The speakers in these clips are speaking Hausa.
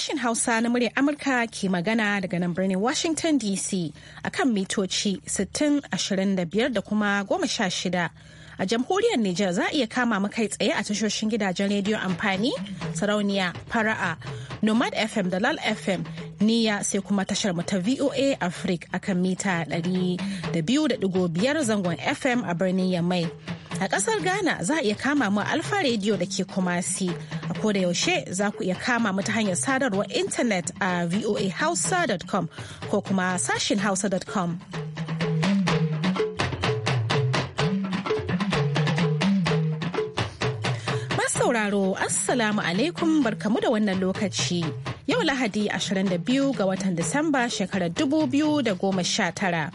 Sashen Hausa na muryar Amurka ke magana daga nan birnin Washington DC akan mitoci 6025 da kuma 16. A jamhuriyar Nijar za a iya kama makai tsaye a tashoshin gidajen rediyo amfani, sarauniya, fara'a, Nomad FM da Lal FM niya sai kuma tashar mu ta VOA Africa akan mita 200.5 zangon FM a birnin Yamai. A ƙasar Ghana za a iya kama mu Alfa Radio da ke Kumasi. A koda yaushe za ku iya kama mu ta hanyar sadarwar intanet a voahausa.com ko kuma sashin hausa.com. sauraro, Assalamu alaikum barkamu da wannan lokaci. Yau Lahadi 22 ga watan Disamba shekarar 2019.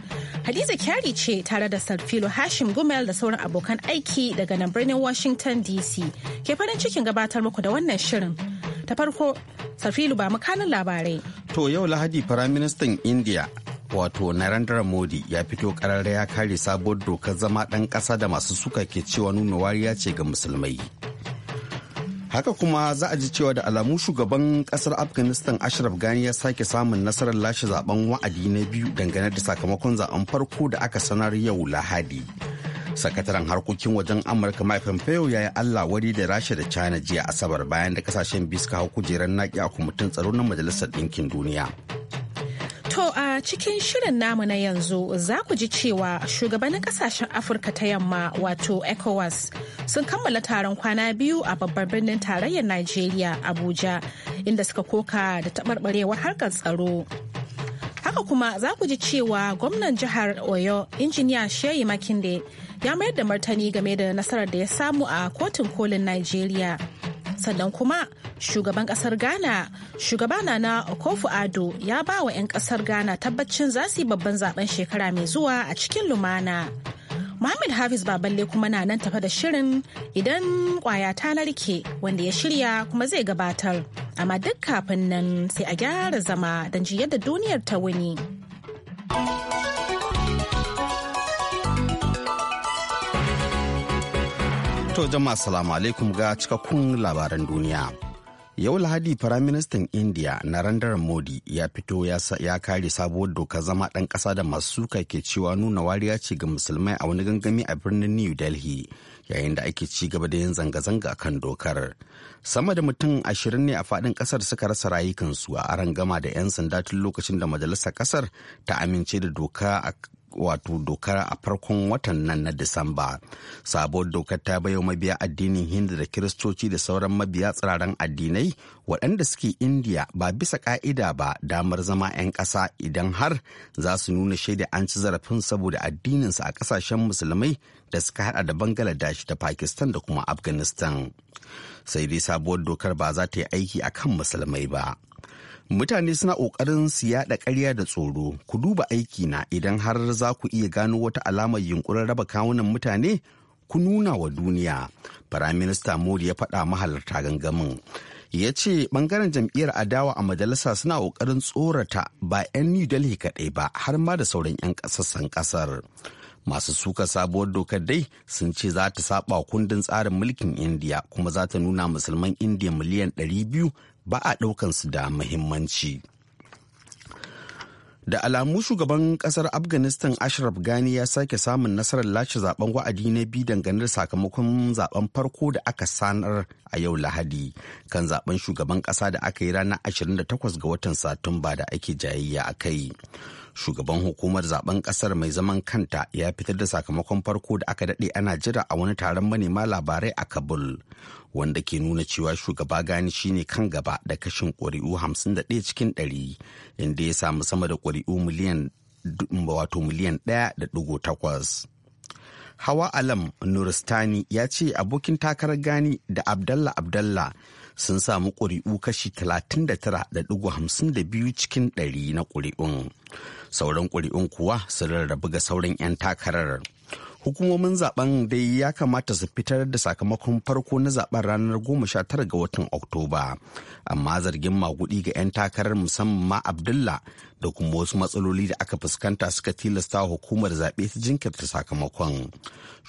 Hadiza Kyari ce tare da Sarfilo Hashim Gumel da sauran abokan aiki daga nan birnin Washington DC ke farin cikin gabatar muku da wannan shirin. Ta farko, Sarfilo ba makanin labarai. To yau Lahadi Firaministan India wato Narendra Modi ya fito kararra ya kare sabuwar dokar zama ɗan ƙasa da masu suka ke cewa nuna wariya ce ga musulmai. haka kuma za a ji cewa da alamu shugaban kasar afghanistan ashraf gani ya sake samun nasarar lashe zaben wa'adi na biyu dangane da sakamakon zaben farko da aka sanar yau lahadi sakataren harkokin wajen amurka mike pompeo ya yi allah wari da rasha da china jiya asabar bayan da kasashen biyu hau kujerar naki a kwamitin tsaro na majalisar ɗinkin duniya A cikin shirin namu na yanzu za ku ji cewa shugabannin kasashen Afirka ta yamma wato ECOWAS sun kammala taron kwana biyu a babbar birnin tarayyar Najeriya Abuja inda suka koka da taɓarɓarewar harkar tsaro. Haka kuma za ku ji cewa gwamnan jihar Oyo injiniya Sheyi Makinde ya mayar da martani game da nasarar da ya samu a kotun kolin Najeriya. Sannan kuma shugaban kasar ghana shugaba na okofu ado ya ba wa 'yan kasar ghana tabbacin za yi babban zaben shekara mai zuwa a cikin lumana Muhammad Hafiz Baballe kuma na nan tafa da shirin idan kwaya ta narke wanda ya shirya kuma zai gabatar. Amma duk kafin nan sai a gyara zama don ji yadda duniyar ta wuni. To jama'a salamu alaikum ga cikakkun labaran duniya. Yau Lahadi Firaministan India Narendra Modi ya fito ya kare sabuwar dokar zama ɗan ƙasa da masu suka ke cewa nuna wariya ce ga musulmai a wani gangami a birnin New Delhi yayin da ake ci gaba da yin zanga-zanga a kan dokar. Sama da mutum ashirin ne a fadin ƙasar suka rasa rayukansu a aron da 'yan sanda tun lokacin da majalisar kasar ta amince da doka wato dokar a farkon watan nan na Disamba. Sabuwar dokar ta bayo mabiya addinin Hindu da Kiristoci da sauran mabiya tsiraran addinai waɗanda suke india ba bisa ƙa'ida ba damar zama 'yan ƙasa idan har za su nuna shaida an ci zarafin saboda addininsu a ƙasashen musulmai da suka hada da Bangladesh da Pakistan da kuma Afghanistan. Sai dai sabuwar dokar ba za ta yi aiki a kan musulmai ba. mutane suna ƙoƙarin su yaɗa ƙarya da tsoro ku duba aiki na idan har za ku iya gano wata alamar yunkurin raba kawunan mutane ku nuna wa duniya firaminista modi ya faɗa mahalarta gangamin ya ce ɓangaren jam'iyyar adawa a majalisa suna ƙoƙarin tsorata ba 'yan new delhi kaɗai ba har ma da sauran 'yan ƙasassan ƙasar masu suka sabuwar dokar dai sun ce za ta saba kundin tsarin mulkin indiya kuma za ta nuna musulman indiya miliyan 200 ba a ɗaukansu da muhimmanci. Da alamu shugaban kasar Afghanistan Ashraf Ghani ya sake samun nasarar lashe zaben wa'adi na biyu dangane da sakamakon zaben farko da aka sanar a yau Lahadi kan zaben shugaban kasa da aka yi ranar 28 ga watan Satumba da ake jayayya a kai. shugaban hukumar zaben kasar mai zaman kanta ya fitar da sakamakon farko da aka daɗe ana jira a wani taron manema labarai a kabul wanda ke nuna cewa shugaba gani shine kan gaba da kashin ƙuri'u 51 cikin 100 inda ya samu sama da ƙuri'u miliyan wato miliyan 1.8 Hawa Alam Nuristani ya ce abokin takarar gani da Abdallah Abdallah sun samu ƙuri'u kashi 39.52 cikin ɗari na ƙuri'un sauran ƙuri'un kuwa sun rarrabu ga sauran 'yan takarar hukumomin zaben dai ya kamata su fitar da sakamakon farko na zaben ranar 19 ga watan oktoba amma zargin magudi ga 'yan takarar musamman ma abdullah da kuma wasu matsaloli da aka fuskanta suka tilasta hukumar zaɓe ta jinkirta sakamakon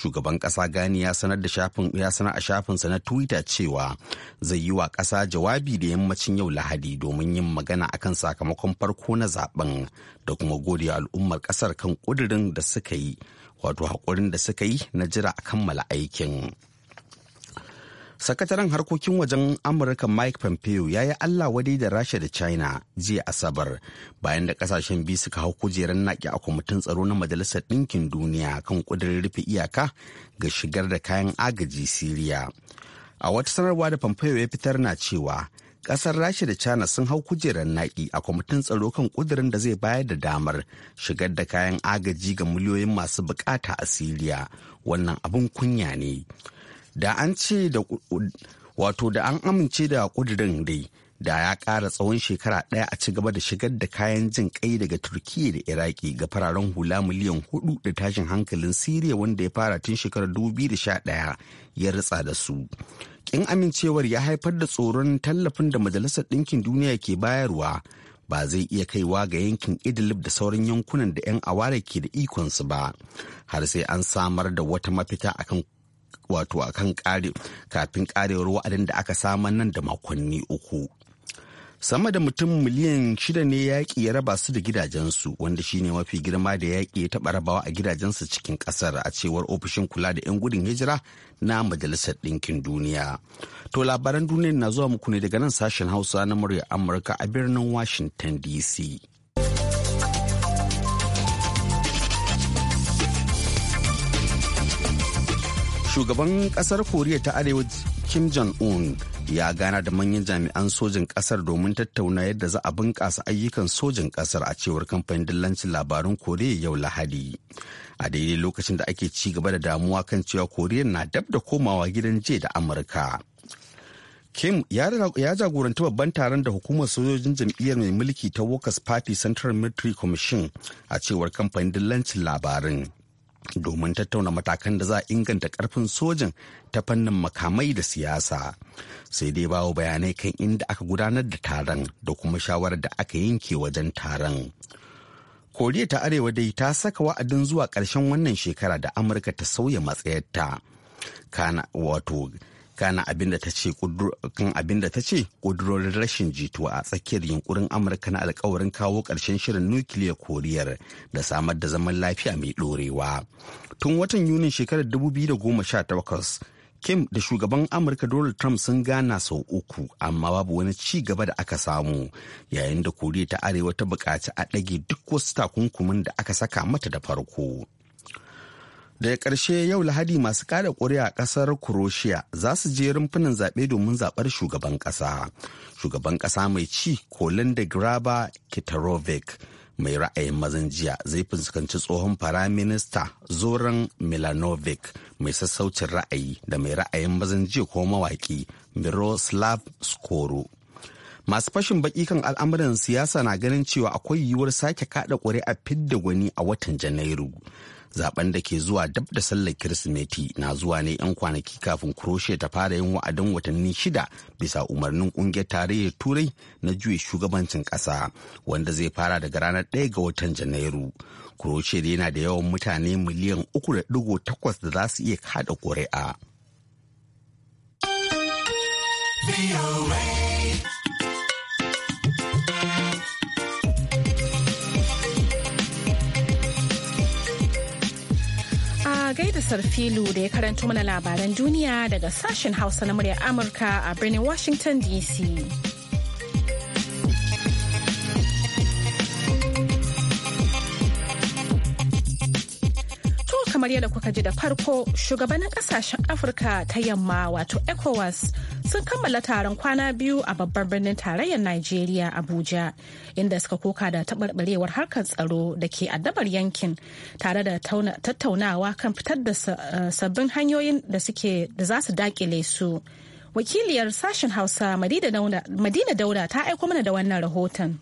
shugaban ƙasa gani ya sanar da shafin ya sanar a shafinsa na twitter cewa zai yi wa ƙasa jawabi da yammacin yau lahadi domin yin magana akan sakamakon farko na zaben da kuma godiya al'ummar ƙasar kan ƙudurin da suka yi wato haƙurin da suka yi na jira a kammala aikin sakataren harkokin wajen amurka mike pompeo ya yi allah wadai da rasha da china jiya asabar bayan da kasashen biyu suka hau kujerar naki a kwamitin tsaro na majalisar ɗinkin duniya kan ƙudurin rufe iyaka ga shigar da kayan agaji siriya a wata sanarwa da pompeo ya fitar na cewa kasar rasha da china sun hau kujerar naƙi a kwamitin tsaro kan ƙudirin da zai bayar da damar shigar da kayan agaji ga miliyoyin masu bukata a siriya wannan abin kunya ne da an ce da wato da an amince da ƙudirin dai da ya ƙara tsawon shekara ɗaya a ci gaba da shigar da kayan jin ƙai daga turkiyya da iraki ga fararen hula miliyan hudu da tashin hankalin siriya wanda ya fara tun shekarar 2011 ya ritsa da su kin amincewar ya haifar da tsoron tallafin da majalisar ɗinkin duniya ke bayarwa ba zai iya kaiwa ga yankin idlib da sauran yankunan da 'yan awara ke da ikon su ba har sai an samar da wata mafita akan wato akan kare kafin karewar wa'adin da aka samar nan da makonni uku sama da mutum miliyan shida ne yaƙi ya raba su da gidajensu wanda shine mafi girma da yaƙi ya taɓa rabawa a gidajensu cikin ƙasar a cewar ofishin kula da 'yan gudun hijira na majalisar ɗinkin duniya to labaran duniya na zuwa muku ne daga nan sashen hausa na murya amurka a birnin washington dc shugaban ƙasar koriya ta arewa kim jong-un ya gana da manyan jami'an sojin kasar domin tattauna yadda za a bunƙasa ayyukan sojin kasar a cewar kamfanin dillancin labarun koriya yau lahadi a daidai lokacin da ake ci gaba da damuwa kan cewa koriya na dab da komawa gidan je da amurka kim ya jagoranci babban taron da hukumar sojojin jam'iyyar mai mulki ta workers party central military commission a cewar kamfanin dillancin labarin domin tattauna matakan da za a inganta karfin sojin ta fannin makamai da siyasa sai dai bawo bayanai kan inda aka gudanar da taron da kuma shawarar da aka yanke wajen taron koriya ta arewa dai ta saka wa'adin zuwa ƙarshen wannan shekara da amurka ta sauya matsayarta kana wato kana abin da ta ce kan kudurorin rashin jituwa a tsakiyar yunkurin amurka na alkawarin kawo ƙarshen shirin nukiliya koriyar da samar da zaman lafiya mai ɗorewa tun watan yunin shekarar 2018 kim da shugaban amurka donald trump sun gana sau uku amma babu wani ci gaba da aka samu yayin da koriya ta arewa ta bukaci a ɗage duk wasu takunkumin da aka saka mata da farko daga ƙarshe yau lahadi masu kada ƙuri'a a ƙasar croatia za su je rumfunan zaɓe domin zaɓar shugaban ƙasa shugaban ƙasa mai ci kolinda graba kitarovic mai ra'ayin mazan jiya zai fuskanci tsohon firaminista zoran milanovic mai sassaucin ra'ayi da mai ra'ayin mazan jiya ko mawaƙi miroslav skoro masu fashin baki kan al'amuran siyasa na ganin cewa akwai yiwuwar sake kada ƙuri'a fidda gwani a watan janairu zaben da ke zuwa dab da sallar kirsimeti na zuwa ne 'yan kwanaki kafin kuroshe ta fara yin wa'adin watanni shida bisa umarnin kungiyar tarayyar turai na juya shugabancin kasa wanda zai fara daga ranar 1 ga watan janairu kuroshe da yana da yawan mutane miliyan 3.8 da za su iya kada ƙuri'a. da Sarfilu da ya karanto mana labaran duniya daga sashen Hausa na murya Amurka a birnin Washington DC. kamar yadda kuka ji da farko shugabannin kasashen afirka ta yamma wato ecowas sun kammala taron kwana biyu a babban birnin tarayyar nigeria abuja inda suka koka da taɓarɓarewar harkar tsaro da ke addabar yankin tare da tattaunawa kan fitar da eh, sabbin hanyoyin da suke da za su dakile su wakiliyar sashen hausa madina dauda ta aiko mana da wannan rahoton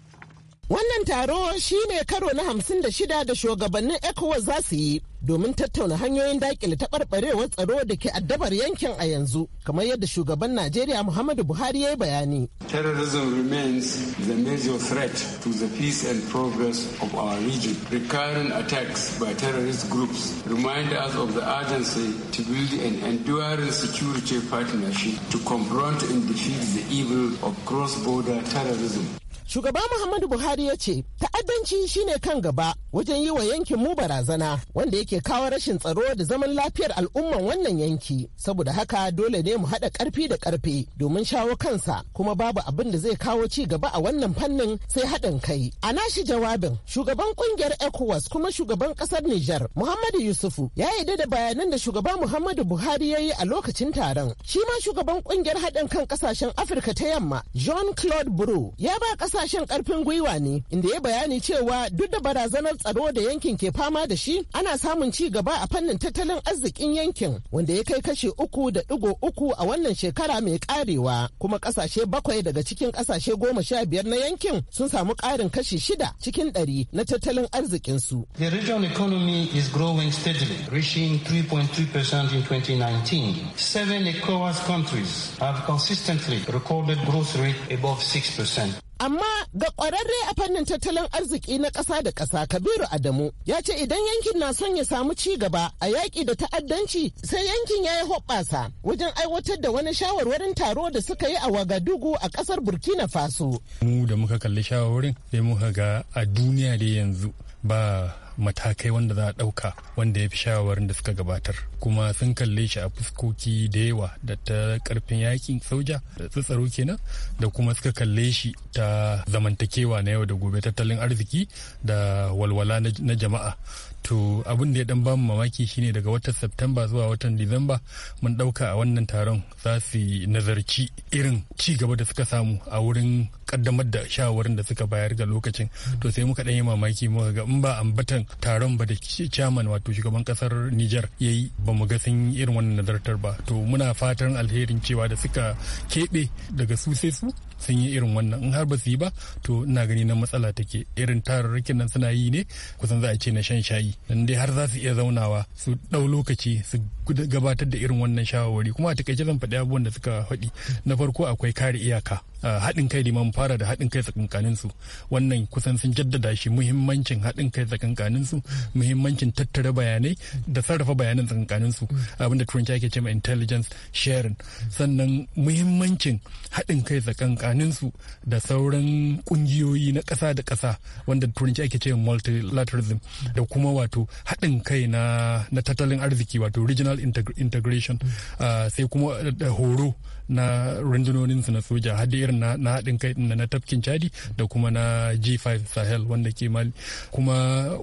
Wannan taro shi ne karo na hamsin da shida da shugabannin ECOWAS za su yi domin tattauna hanyoyin dakile taɓarɓarewar tsaro da ke addabar yankin a yanzu, kamar yadda shugaban Najeriya Muhammadu Buhari ya yi bayani. Terrorism remains the major threat to the peace and progress of our region. Recurrent attacks by terrorist groups remind us of the urgency to build an enduring security partnership to confront and defeat the evil of cross-border terrorism. Shugaba Muhammadu Buhari ya ce, ta'addanci shine kan gaba wajen yi wa yankin mu barazana wanda yake kawo rashin tsaro da zaman lafiyar al'umman wannan yanki. Saboda haka dole ne mu haɗa ƙarfi da ƙarfe domin shawo kansa kuma babu abin da zai kawo ci gaba a wannan fannin sai haɗin kai. A nashi jawabin, shugaban ƙungiyar ECOWAS kuma shugaban ƙasar Nijar, Muhammadu Yusufu, ya yadda da bayanan da shugaba Muhammadu Buhari ya yi a lokacin taron. Shi ma shugaban ƙungiyar haɗin kan ƙasashen Afirka ta Yamma, John Claude Bro, ya ba kasashen karfin gwiwa ne inda ya bayani cewa duk da barazanar tsaro da yankin ke fama da shi ana samun ci gaba a fannin tattalin arzikin yankin wanda ya kai kashi uku da digo uku a wannan shekara mai karewa kuma kasashe bakwai daga cikin kasashe goma sha biyar na yankin sun samu karin kashi shida cikin ɗari na tattalin arzikinsu. The regional economy is growing steadily, reaching 3.3% in 2019. Seven ECOWAS countries have consistently recorded growth rate above 6%. Amma ga kwararre a fannin tattalin arziki na ƙasa da ƙasa Kabiru Adamu ya ce idan yankin na son ya samu ci gaba a yaƙi da ta'addanci sai yankin ya yi hoɓɓasa wajen aiwatar da wani shawarwarin taro da suka yi a Wagadugu a ƙasar Burkina Faso. Mu da muka kalli shawarwarin sai muka ga a duniya da yanzu ba matakai wanda za a ɗauka wanda ya fi shawarwarin da suka gabatar kuma sun kalle shi a fuskoki da yawa da ta karfin yakin soja da tsaro kenan da kuma suka kalle shi ta zamantakewa na yau da gobe tattalin arziki da walwala na jama'a to abin da ya dan bamu mamaki shine daga watan Septemba zuwa watan Disamba mun dauka a wannan taron za su nazarci irin ci gaba da suka samu a wurin kaddamar da shawarin da suka bayar ga lokacin to sai muka dan yi mamaki muka ga in ba ambatan taron ba da chairman wato shugaban kasar Niger yayi ba mu ga sun irin wannan nazartar ba to muna fatan alherin cewa da suka kebe daga su sai su sun yi irin wannan in har ba su yi ba to ina gani na matsala take irin tarurrukin nan suna yi ne kusan za a ce na shan shayi dan dai har za su iya zaunawa su ɗau lokaci su gabatar da irin wannan shawarwari kuma a takaice zan faɗi abubuwan da suka faɗi na farko akwai kare iyaka haɗin kai liman fara da haɗin kai tsakankanin su wannan kusan sun jaddada shi muhimmancin haɗin kai tsakankanin su muhimmancin tattara bayanai da sarrafa bayanan tsakankanin su abinda turanci ake cewa intelligence sharing sannan muhimmancin haɗin kai tsakankanin su da sauran kungiyoyi na ƙasa da ƙasa wanda turanci ake cewa multilateralism da kuma wato haɗin kai na tattalin arziki wato regional regional integration uh, sai kuma da horo na rundunoninsu na soja har irin na haɗin kai na tafkin chadi da kuma na g5 sahel wanda ke mali kuma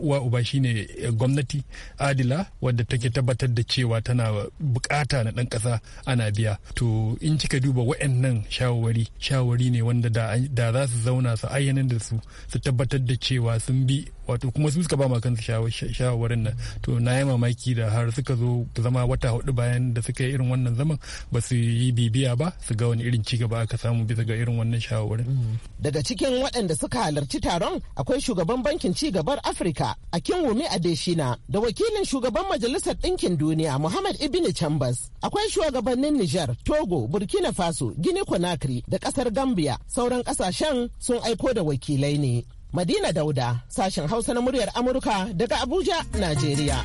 wa uba shine gwamnati adila wadda take tabbatar da cewa tana bukata na ɗan ƙasa ana biya to in kika duba wa'annan shawari shawari ne wanda da za su zauna su ayyanar da su su tabbatar da cewa sun bi wato kuma su suka ba ma kansu shawarwarin nan to na yi mamaki da har suka zo zama wata hudu bayan da suka yi irin wannan zaman ba su yi bibiya ba su ga wani irin cigaba aka samu bisa ga irin wannan shawarwarin. Mm. daga cikin waɗanda suka halarci taron akwai shugaban bankin ci gabar afirka a kinwumi adeshina da wakilin shugaban majalisar ɗinkin duniya muhammad ibn chambers akwai shugabannin nijar togo burkina faso gini conakry da ƙasar gambia sauran ƙasashen sun aiko da wakilai ne. Madina Dauda, sashen Hausa na muryar Amurka daga Abuja, Najeriya.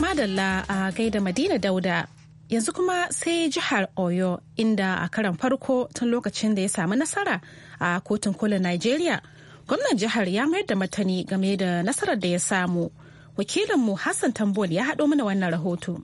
Madalla a gaida Madina Dauda. Yanzu kuma sai jihar Oyo inda a karan farko tun lokacin da ya samu nasara a kotun kolin Najeriya. Gwamnan jihar ya mayar da matani game da nasarar da ya samu. Wakilinmu Hassan Tambol ya haɗo mana wannan rahoto.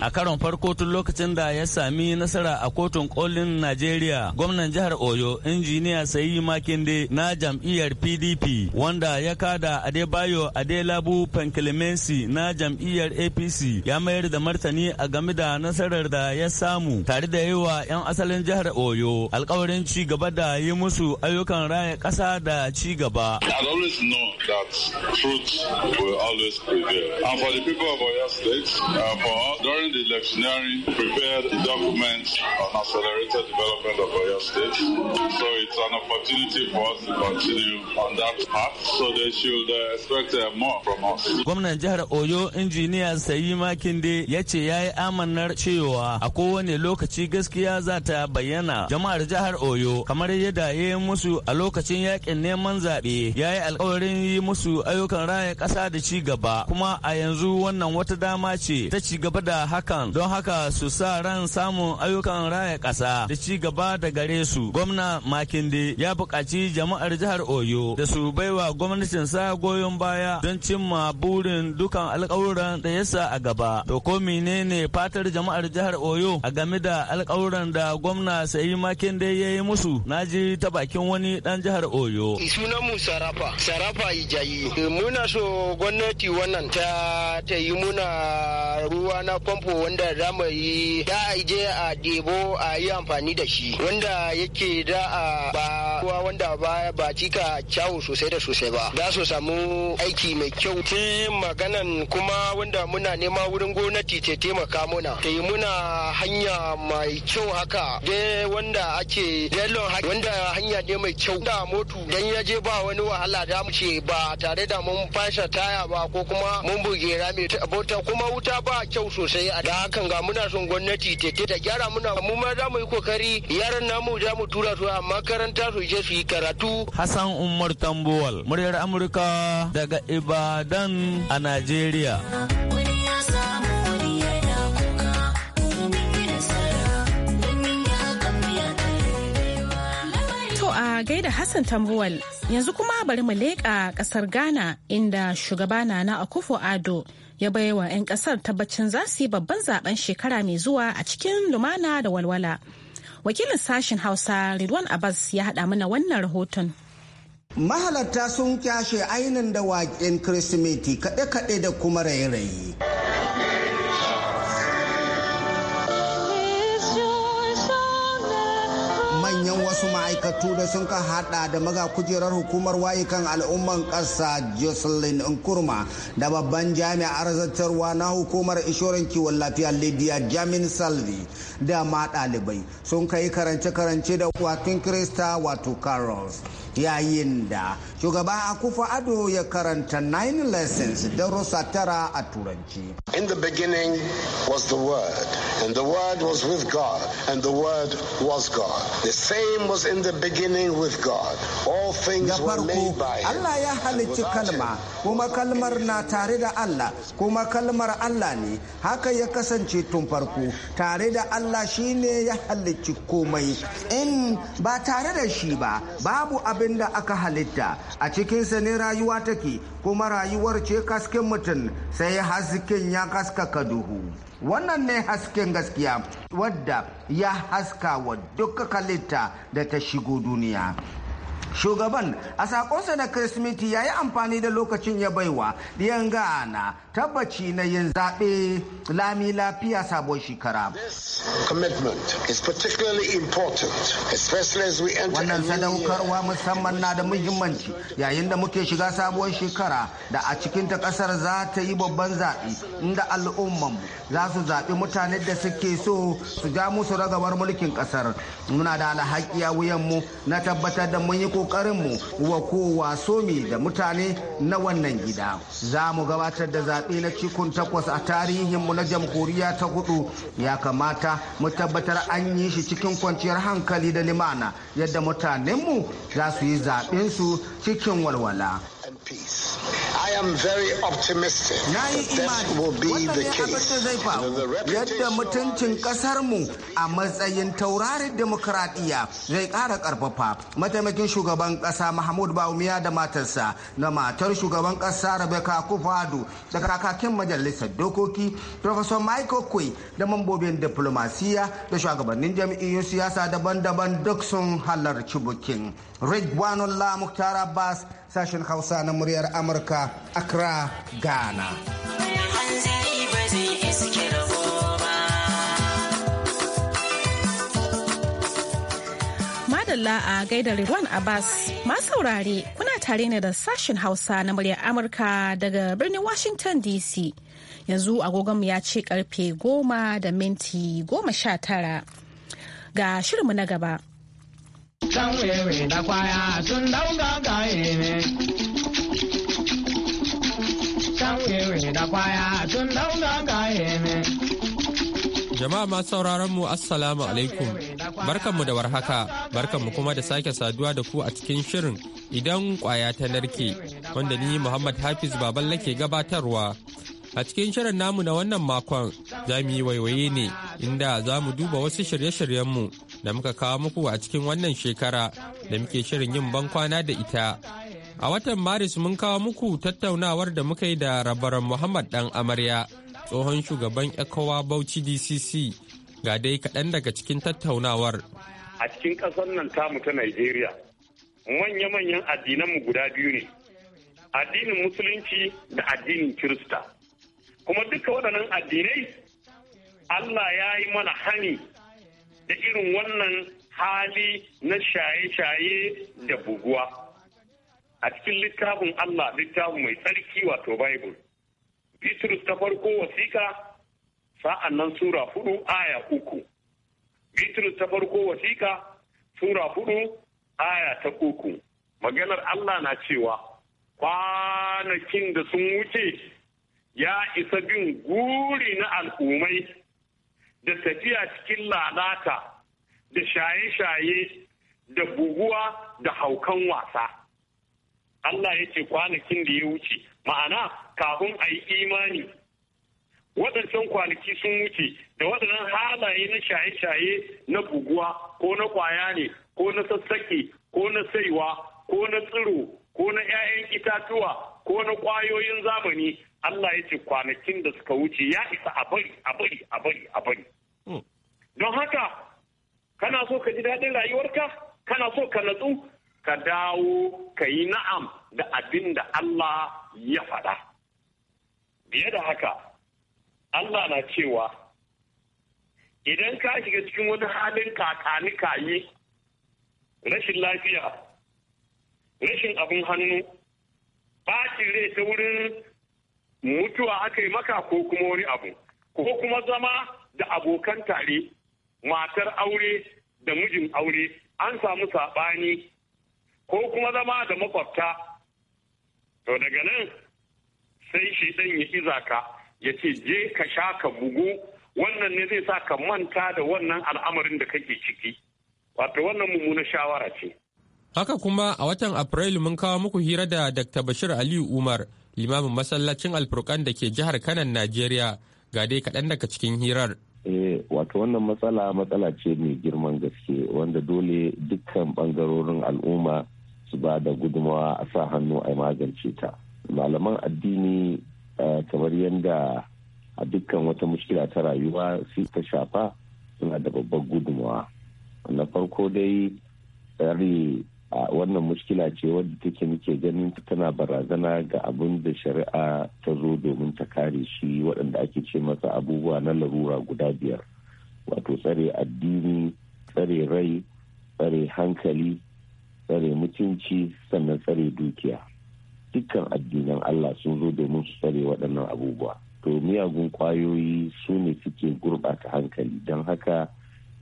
a karon farko tun lokacin da ya sami nasara a kotun kolin najeriya gwamnan jihar oyo injiniya sayi makinde na jam'iyyar pdp wanda ya kada adebayo adelabu panklemensi na jam'iyyar apc ya mayar da martani a game da nasarar da ya samu tare da yi 'yan asalin jihar oyo alkawarin ci gaba da yi musu ayyukan raya ƙasa da ci gaba And for the people of Oyo State, uh, for during during the electioneering, prepared the documents on accelerated development of Oyo State. So it's an opportunity for us to continue on that path. So they should uh, expect uh, more from us. Gwamnan jihar Oyo, injiniya Sayi Makinde, ya ce ya yi amannar cewa a kowane lokaci gaskiya za ta bayyana. Jama'ar jihar Oyo, kamar yadda ya yi musu a lokacin yakin neman zaɓe, ya yi alkawarin yi musu ayyukan raya ƙasa da ci gaba. Kuma a yanzu wannan wata dama ce ta ci gaba da har hakan don haka su sa ran samun ayyukan raya kasa. da ci gaba da gare su. Gwamna Makinde ya bukaci jama'ar jihar Oyo da su baiwa sa goyon baya don cimma burin dukan alƙawuran da ya sa a gaba. To ko menene fatar jama'ar jihar Oyo a game da alƙawuran da gwamna Sayi Makinde ya yi musu? Na ji ta bakin wani ɗan jihar Oyo. Sunan mu Sarafa, Sarafa Ijayi. Eh, muna so gwamnati wannan ta ta yi muna ruwa na famfo abu wanda za mu yi da a je a ɗebo a yi amfani da shi wanda yake da a ba kowa wanda ba ba cika kyawu sosai da sosai ba za su samu aiki mai kyau ta maganan kuma wanda muna nema wurin gwamnati ta taimaka muna ta yi muna hanya mai kyau haka da wanda ake delon wanda hanya ne mai kyau da motu dan ya je ba wani wahala da mu ce ba tare da mun fasha taya ba ko kuma mun buge rami bota kuma wuta ba kyau sosai da hakan ga muna son gwamnati ta ta gyara muna mu ma za mu yi kokari yaran namu za mu tura su a makaranta su je su yi karatu. Hassan Umar Tambuwal, muryar Amurka daga Ibadan a Najeriya. a gaida Hassan Tambuwal yanzu kuma bari mu leƙa ƙasar Ghana inda shugaba Nana Akufo Ado ya baiwa 'yan kasar tabbacin za su yi babban zaben shekara mai zuwa a cikin lumana da walwala. Wakilin sashen Hausa Ridwan Abbas ya haɗa mana wannan rahoton. Mahalarta sun kyashe ainin dawakin Kirsimeti kaɗe-kaɗe da kuma raye-raye. wasu ma'aikatu da sun ka hada da maga kujerar hukumar waye kan al'umman ƙasa jocelyn nkurma da babban jami'ar zartarwa na hukumar inshoran kiwon lafiya lidia jamin salvi da ma dalibai sun kai karance-karance da watun krista wato carols yayin da shugaba akufa ado ya karanta nine lessons darussa tara a turanci in the beginning was the word and the word was with god and the word was god the same was in the beginning with god all things were made da farko allah ya halicci kalma kuma kalmar na tare da allah kuma kalmar allah ne haka ya kasance tun farko tare da allah shine ya halicci komai in ba tare da shi ba babu abin da aka halitta a cikinsa ne rayuwa take kuma rayuwar ce kasken mutum sai hasken ya kaskaka duhu wannan ne hasken gaskiya wadda ya haska wa duka kalitta da ta shigo duniya shugaban a sakonsa na kirsimeti ya yi amfani da lokacin ya baiwa diyan gana tabbaci na yin zaɓe lami lafiya sabon shekara. Wannan sadaukarwa musamman na da muhimmanci yayin da muke shiga sabuwar shekara da a cikin ta ƙasar za ta yi babban zaɓe inda al'umman za su zaɓi mutane da suke so su ja musu ragamar mulkin ƙasar. Muna da alhaki a mu na tabbatar da mun yi mu wa kowa somi da mutane na wannan gida. Za mu gabatar da zaɓe zaɓe na cikun takwas a tarihinmu na jamhuriya ta hudu ya kamata mu tabbatar an yi shi cikin kwanciyar hankali da limana yadda mutanenmu za su yi zaɓensu cikin walwala and peace. I am very optimistic that will be the case. Yadda mutuncin mu a matsayin taurarin demokuraɗiyya zai ƙara ƙarfafa. Mataimakin shugaban ƙasa Mahmud Bawumiya da matarsa na matar shugaban ƙasa Rebecca Kufadu da kakakin majalisar dokoki Professor Michael Kwe da mambobin diplomasiya da shugabannin jam'iyyun siyasa daban-daban duk sun halarci bukin. Ridwanullah Muktar Abbas sashen hausa na muryar amurka accra ghana madalla a gaida Ridwan Abbas. Ma saurare kuna tare ne da sashen Hausa na muryar Amurka daga birnin Washington DC. Yanzu agogonmu ya ce karfe goma da minti goma sha tara. Ga shirinmu na gaba. Dan Jama'a masu sauraron mu Assalamu alaikum. Barkanmu da warhaka, barkanmu kuma da sake saduwa da ku a cikin shirin idan kwaya ta narke wanda ni Muhammad Hafiz Baban lake gabatarwa. A cikin shirin namu na wannan makon za mu yi waiwaye ne inda za mu duba wasu shirye-shiryenmu da muka kawo muku a cikin wannan shekara da muke shirin yin bankwana da ita. A watan Maris mun kawo muku tattaunawar da muka yi da rabaran Muhammad ɗan Amarya, tsohon shugaban Ekowa Bauchi DCC, ga dai kaɗan daga cikin tattaunawar. A cikin ƙasar nan tamu ta Najeriya, manya-manyan addinan mu guda biyu ne, addinin Musulunci da addinin Kirista. Kuma duka waɗannan addinai, Allah ya yi mana hani da irin wannan hali na shaye-shaye da buguwa a cikin littafin Allah littafin mai tsarki wato Bible. Bitrus ta farko wasiƙa sa'an nan Sura hudu aya uku. Bitrus ta farko wasiƙa Sura hudu aya ta uku. Maganar Allah na cewa kwanakin da sun wuce ya isa bin guri na al'ummai da tafiya cikin lalata da shaye-shaye da buguwa da haukan wasa Allah ya ce kwanakin da ya wuce ma'ana kafin a yi imani waɗancan kwanaki sun wuce da waɗannan halaye na shaye-shaye na buguwa ko na ƙwaya ne ko na sassake, ko na saiwa ko na tsiro ko na 'ya'yan itatuwa ko na ƙwayoyin zamani Allah ya ce kwanakin da suka wuce ya isa a bari a bari a bari a bari don haka kana so ka ji daɗin rayuwarka kana so ka natsu ka dawo ka yi na'am da abin da Allah ya faɗa biye da haka Allah na cewa idan ka shiga cikin wani halin kakani kayi rashin lafiya rashin abin hannu shi rai ta wurin mutuwa aka yi maka ko kuma wani abu ko kuma zama da abokan tare matar aure da mijin aure an samu saɓani ko kuma zama da makwabta to daga nan sai shi ɗan ya iza ka ya ce je ka sha ka bugu wannan ne zai sa ka manta da wannan al'amarin da kake ciki wato wannan mummunar shawara ce haka kuma a watan afrilu mun kawo muku hira da dr bashir aliyu umar limamin masallacin alfurkan da ke jihar kanan najeriya ga dai kaɗan daga cikin hirar wato wannan matsala matsala ce mai girman gaske wanda dole dukkan bangarorin al'umma su ba da gudumawa a sa hannu a magance ta malaman addini kamar yadda a dukkan wata mushkila ta rayuwa su ta shafa suna da babbar gudumawa na farko dai tsare wannan mushkila ce wadda take muke ganin tana barazana ga abin da shari'a ta zo domin ta kare shi waɗanda ake ce masa abubuwa na larura guda biyar wato tsare addini tsare rai tsare hankali tsare mutunci sannan tsare dukiya dukkan addinan allah sun zo domin su tsare waɗannan abubuwa to miyagun kwayoyi su ne suke gurɓata hankali don haka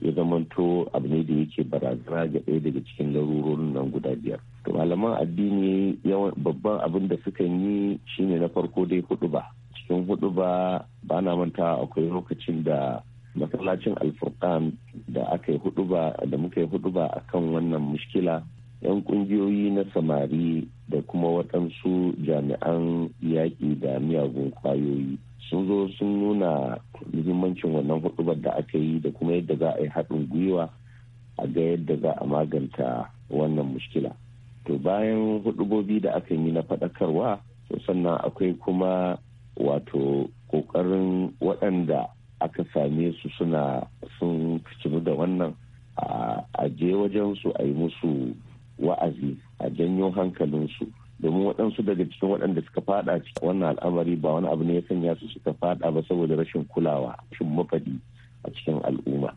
ya zamanto abu ne da yake barazana ga ɗaya daga cikin larurorin nan guda biyar to malaman addini babban abin da suka yi shine na farko dai hudu ba cikin hudu ba ba na manta akwai lokacin da masallacin alfurkan da aka yi hudu ba da muka yi hudu ba kan wannan mushkila yan kungiyoyi na samari da kuma waɗansu jami'an yaƙi da miyagun kwayoyi sun zo sun nuna muhimmancin wannan hudubar da aka yi da kuma yadda za a yi haɗin gwiwa a ga yadda za a maganta wannan mushkila to bayan hudubobi da aka yi na faɗakarwa to sannan akwai kuma wato ƙoƙarin waɗanda aka same su suna sun fitinu da wannan a je wajen su a yi musu wa'azi a janyo hankalinsu domin waɗansu daga cikin waɗanda suka fada cikin wannan al'amari ba wani abu ne ya sanya su suka fada ba saboda rashin kulawa rashin mafadi a cikin al'umma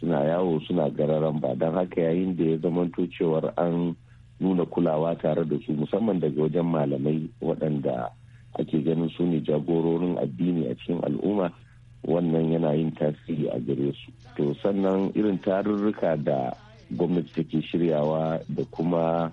suna yawo suna gararan ba don haka yayin da ya zamanto cewar an nuna kulawa tare da su musamman daga wajen malamai waɗanda ake ganin su ne jagororin addini a cikin al'umma wannan yana yin tasiri a gare su to sannan irin tarurruka da gwamnati take shiryawa da kuma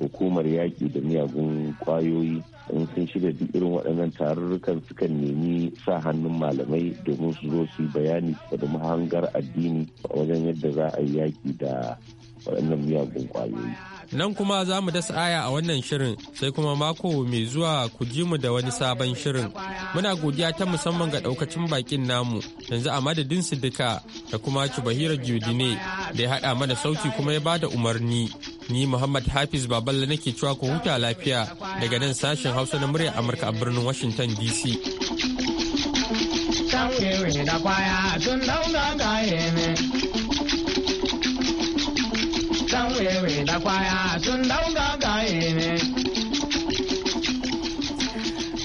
hukumar yaƙi da miyagun kwayoyi in sun shirya duk irin waɗannan tarurrukan sukan nemi sa hannun malamai domin su zo su yi bayani da mahangar addini a wajen yadda za a yi yaƙi da waɗannan miyagun ƙwayoyi. Nan kuma za mu dasa aya a wannan shirin sai kuma mako mai zuwa ku ji mu da wani sabon shirin. Muna godiya ta musamman ga ɗaukacin bakin namu yanzu a madadin su duka da kuma bahira ne, da ya haɗa mana sauti kuma ya bada umarni. Ni Muhammad Hafiz Baballa nake cewa ku huta lafiya daga nan sashen Hausa na murya Amurka a birnin Washington DC. tun ga Madalla wewe da kwaya sun dauga gaye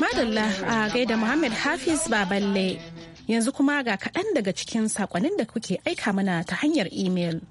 Madalla a gaida Muhammad Hafiz Baballe yanzu kuma ga kaɗan daga cikin saƙonin da kuke aika mana ta hanyar imel.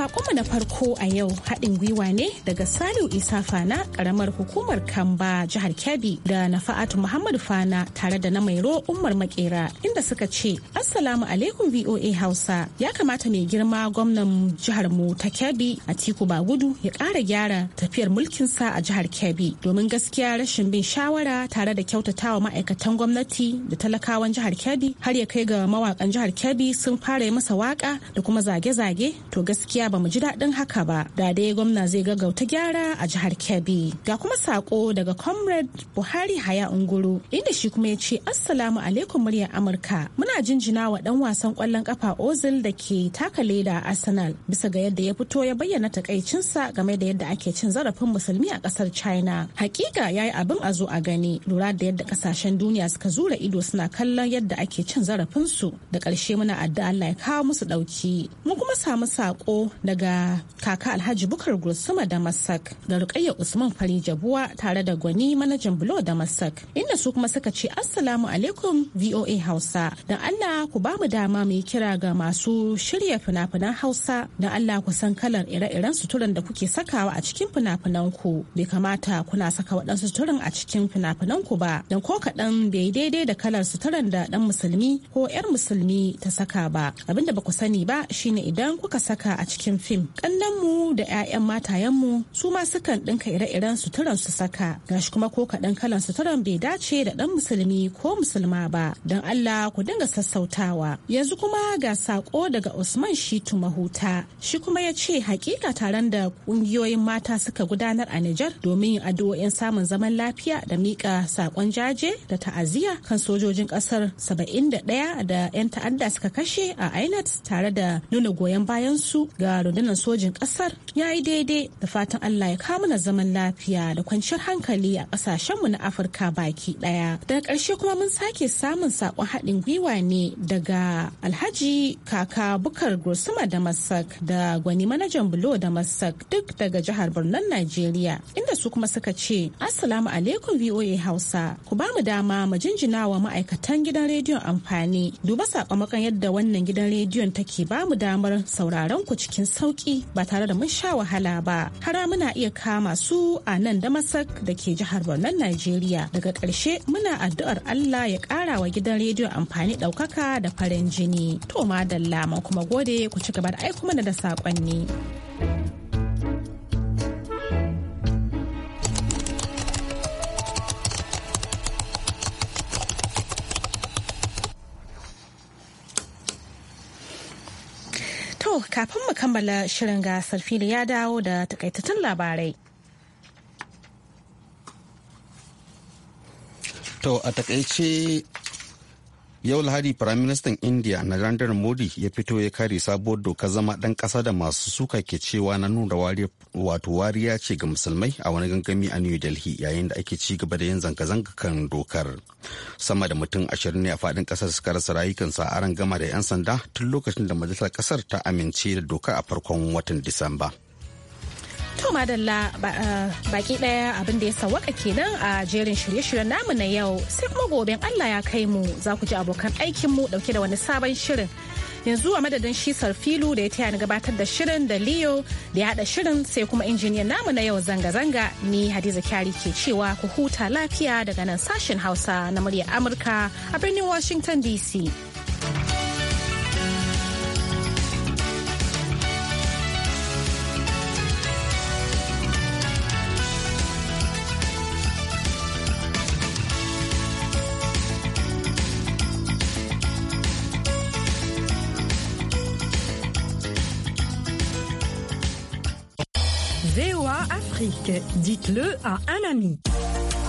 Sakonmu na farko a yau haɗin gwiwa ne daga Saliu Isa Fana ƙaramar hukumar Kamba jihar Kebbi da Nafa'atu Muhammad Fana tare da na Mairo Umar Makera inda suka ce Assalamu alaikum VOA Hausa ya kamata mai girma gwamnan jihar mu ta Kebbi a Atiku Bagudu ya ƙara gyara tafiyar mulkin sa a jihar Kebbi domin gaskiya rashin bin shawara tare da kyautatawa ma'aikatan gwamnati da talakawan jihar Kebbi har ya kai ga mawakan jihar Kebbi sun fara yi masa waka da kuma zage-zage to gaskiya ba mu ji daɗin haka ba da dai gwamna zai gaggauta gyara a jihar kebbi ga kuma sako daga comrade buhari haya unguru inda shi kuma ya ce assalamu alaikum muryar amurka muna jinjina wa dan wasan kwallon kafa ozil da ke taka leda a arsenal bisa ga yadda ya fito ya bayyana takaicinsa game da yadda ake cin zarafin musulmi a ƙasar china hakika ya yi abin a zo a gani lura da yadda ƙasashen duniya suka zura ido suna kallon yadda ake cin zarafinsu da ƙarshe muna addu'a allah ya kawo musu ɗauki mun kuma samu sako daga kaka alhaji bukar Gulsuma da masak da rukayya usman fari jabuwa tare da gwani manajan bulo da masak inda su kuma suka ce assalamu alaikum voa hausa don allah ku ba mu dama mu kira ga masu shirya fina-finan hausa don allah ku san kalar ire-iren suturan da kuke sakawa a cikin fina-finan ku bai kamata kuna saka waɗansu suturan a cikin fina-finan ku ba don ko kaɗan bai daidai da kalar suturan da ɗan musulmi ko 'yar musulmi ta saka ba abinda ba ku sani ba shine idan kuka saka a cikin cikin fim mu da 'ya'yan matayenmu su ma sukan ɗinka ire-iren suturan su saka gashi kuma ko kaɗan kalan suturan bai dace da ɗan musulmi ko musulma ba don allah ku dinga sassautawa yanzu kuma ga sako daga usman shitu mahuta shi kuma ya ce hakika taron da ƙungiyoyin mata suka gudanar a nijar domin yin addu'o'in samun zaman lafiya da miƙa saƙon jaje da ta'aziyya kan sojojin ƙasar saba'in da ɗaya da 'yan ta'adda suka kashe a inat e tare da nuna goyon bayan su ga rundunar sojin kasar ya yi daidai da fatan Allah ya kawo mana zaman lafiya da kwanciyar hankali a kasashenmu na Afirka baki daya. Daga karshe kuma mun sake samun sakon haɗin gwiwa ne daga Alhaji Kaka Bukar Gursuma da Masak da Gwani Manajan Bulo da Masak duk daga jihar Borno Najeriya inda su kuma suka ce Assalamu alaikum VOA Hausa ku ba mu dama mu jinjina wa ma'aikatan gidan rediyon amfani duba sakamakon yadda wannan gidan rediyon take ba mu damar sauraron ku cikin sauki ba tare da mun sha wahala ba hara muna iya kama su a nan da damasak da ke jihar Borno Najeriya daga ƙarshe muna addu'ar Allah ya ƙara wa gidan rediyo amfani ɗaukaka da farin jini to madalla mun kuma gode ku ci gaba da aiko mana da saƙonni. kafin mu kammala shirin gasar fili ya dawo da takaitattun labarai. To a takaice yau lahadi firaministan india narendra modi ya fito ya kare sabuwar doka zama ɗan ƙasa da masu suka ke cewa na nuna wato wariya ce ga musulmai a wani gangami a new delhi yayin da ake ci gaba da yin zanga-zanga kan dokar sama da mutum ashirin ne a faɗin ƙasar suka rasa rayukansa a ran gama da 'yan sanda tun lokacin da majalisar ƙasar ta amince da doka a farkon watan disamba To madalla uh, baki daya abin da ya sawaka kenan a jerin shirye-shiryen namu na yau sai kuma goben Allah ya kai mu za ku ji abokan aikin mu dauke da wani sabon shirin. Yanzu a madadin shi filu da ya taya ni gabatar da shirin da Leo da ya hada shirin sai kuma injiniyan namu na yau zanga-zanga ni Hadiza Kyari ke cewa ku huta lafiya daga nan sashen Hausa na murya Amurka a birnin Washington DC. dites-le à un ami.